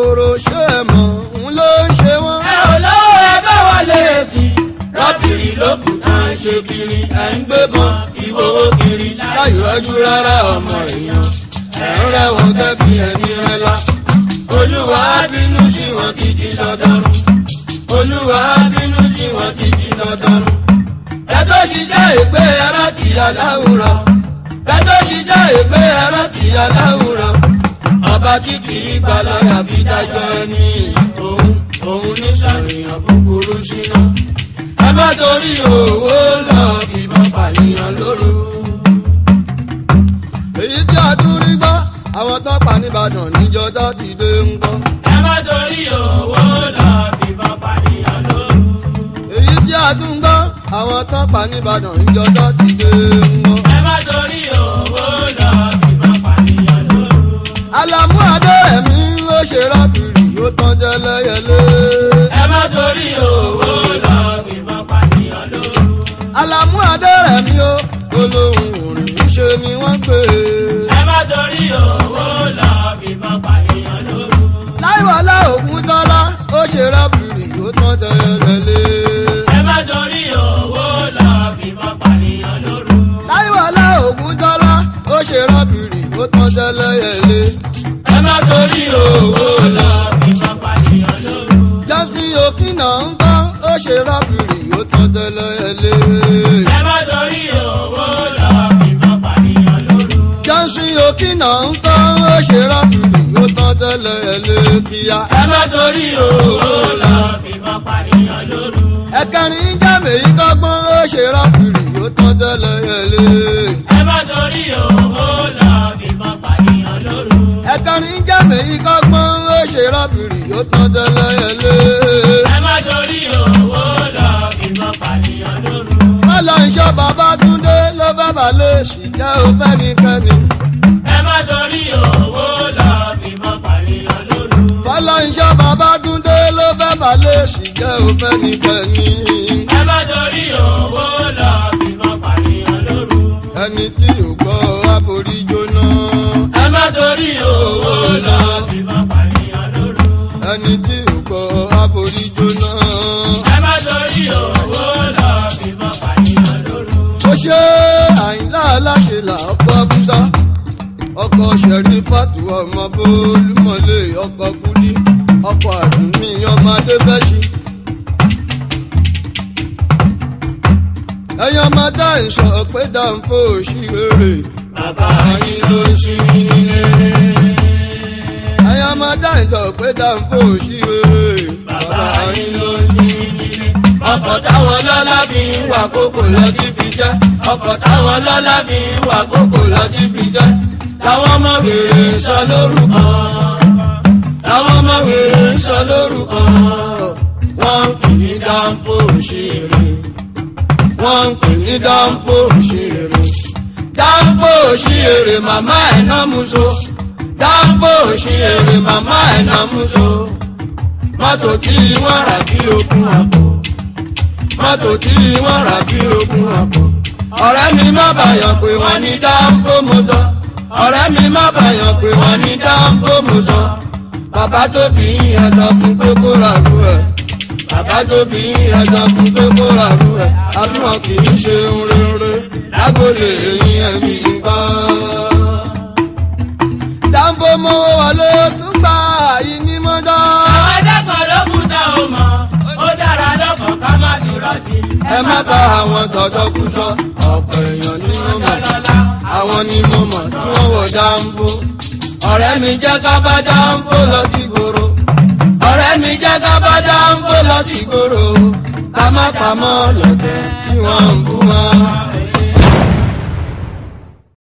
kòkòrò ṣe é mọ̀ ń ló ń ṣe wọ́n. ẹ ò lọ́wọ́ ẹ bá wà lẹ́sìn e rábìrì ló ń ṣe kiri ẹ̀ ń gbébọn ìwòwò kiri láyò ẹjú rárá ọmọ èèyàn ẹ̀ ń rẹ̀wọ̀n kẹ́fì ẹ̀mí rẹ̀ la olúwa bínú sí wọn kìkì lọ́dọ̀rùn olúwa bínú sí wọn kìkì lọ́dọ̀rùn ẹjọ́ sì jẹ́ ìpè ẹran kìyà láwùrọ̀ ẹjọ́ sì jẹ́ ìpè ẹran kìyà láwùrọ̀ ọba tí kì í gbà lọ́yà fi dájọ́ ní òun òun ní sàníyàn búburú síná. ẹ má torí owó lọ fìbọn pànìyàn lóru. èyí tí a tún rí gbọ́ àwọn tán pa nìbàdàn níjọ tó ti dé ń gbọ́. ẹ má torí owó lọ fìbọn pànìyàn lóru. èyí tí a tún gbọ́ àwọn tán pa nìbàdàn níjọ tó ti dé ń gbọ́. Ọmọyẹlé. ẹ má torí owó lọ fìbọn pànìyàn lóru. Àlàmú Adérẹ̀mí o olóhùn rìn ṣe ni wọ́n pè é. ẹ má torí owó lọ fìbọn pànìyàn lóru. láìwọlá ògùn tọ́lá ó ṣe rábìrì ó tán tẹ́lẹ̀ lé. ẹ má torí owó lọ fìbọn pànìyàn lóru. láìwọlá ògùn tọ́lá ó ṣe rábìrì ó tán tẹ́lẹ̀ lé. ẹ má torí owó lọ gómìnà ń gbọ́ ó ṣe rábìrì ó tán tẹ́lẹ̀ ẹlẹ́. ẹ má torí owó lọ ìbọn pàdéyàn lóru. jọ́sìn òkìnà ń gbọ́ ó ṣe rábìrì ó tán tẹ́lẹ̀ ẹlẹ́ kíá. ẹ má torí owó lọ ìbọn pàdéyàn lóru. ẹ̀kẹrin jáde yìí kọ́gbọ́n ó ṣe rábìrì ó tán tẹ́lẹ̀ ẹlẹ́. ẹ má torí owó lọ ìbọn pàdéyàn lóru. ẹ̀kẹrin jáde yìí kọ́gbọ́n ó ṣe rábìrì ó tán tẹ́lẹ̀ ẹlẹ́. ọlọ́nṣọ́ Babátúndé ló fẹ́ balẹ̀ ṣìjà ó fẹ́ kíkan ni. ẹ má torí owó lọ fìbọn pànìyàn lóru. fọlọ́nṣọ́ Babátúndé ló fẹ́ balẹ̀ ṣìjà ó fẹ́ kíkan ni. ẹ má torí owó lọ fìbọn pànìyàn lóru. ẹni tí o. ṣe àyìnlá aláṣẹlá ọkọ búsá ọkọ ṣẹ̀rí fàtú ọmọ bólúmọ̀lé ọkọ kúlí ọkọ àdúmí ọmọ adébẹ́sí. ẹyọ ọmọ dá ìṣọ pé dáńfó ṣìwéré bàbá yín ló ń ṣí nílé. ẹyọ ọmọ dá ìṣọ pé dáńfó ṣìwéré bàbá yín ló ọkọ̀ táwọn lọ́lá fi ń wà kókò lọ síbi jẹ́ ọkọ̀ táwọn lọ́lá fi ń wà kókò lọ síbi jẹ́ làwọn ọmọ wèrè ń sọ lórúkọ làwọn ọmọ wèrè ń sọ lórúkọ wọ́n ń pè ní dáńpọ̀ òṣèré wọ́n ń pè ní dáńpọ̀ òṣèré dáńpọ̀ òṣèré màmá ẹ̀ náà mú òṣèré màmá ẹ̀ náà mọ́tò tí wọ́n rà kí okun àpò mọ́tò tí wọ́n rà kí ogun ọkọ̀. ọ̀rẹ́ mi má bàyàn pé wọ́n ní dáńpó mo sọ. ọ̀rẹ́ mi má bàyàn pé wọ́n ní dáńpó mo sọ. bàbá tó bí yẹn sọ fún pé rà rú ẹ̀. bàbá tó bí yẹn fún pé rà rú ẹ̀. àbíwọ̀n kì í ṣe rere lágòlè eyín ẹ̀mí ń bá. dáńpó mowó wọlé tún gbà ẹ má bá àwọn sọ̀sọ́kúsọ ọ̀pọ̀ èèyàn ni mo mọ̀ àwọn ni mo mọ̀ tí wọ́n wò dáńbó ọ̀rẹ́ mi jẹ́ ká bá dáńbó lọ sí gbòòrò ọ̀rẹ́ mi jẹ́ ká bá dáńbó lọ sí gbòòrò ká má pamọ́ lọ́tẹ̀ tí wọ́n ń bọ̀.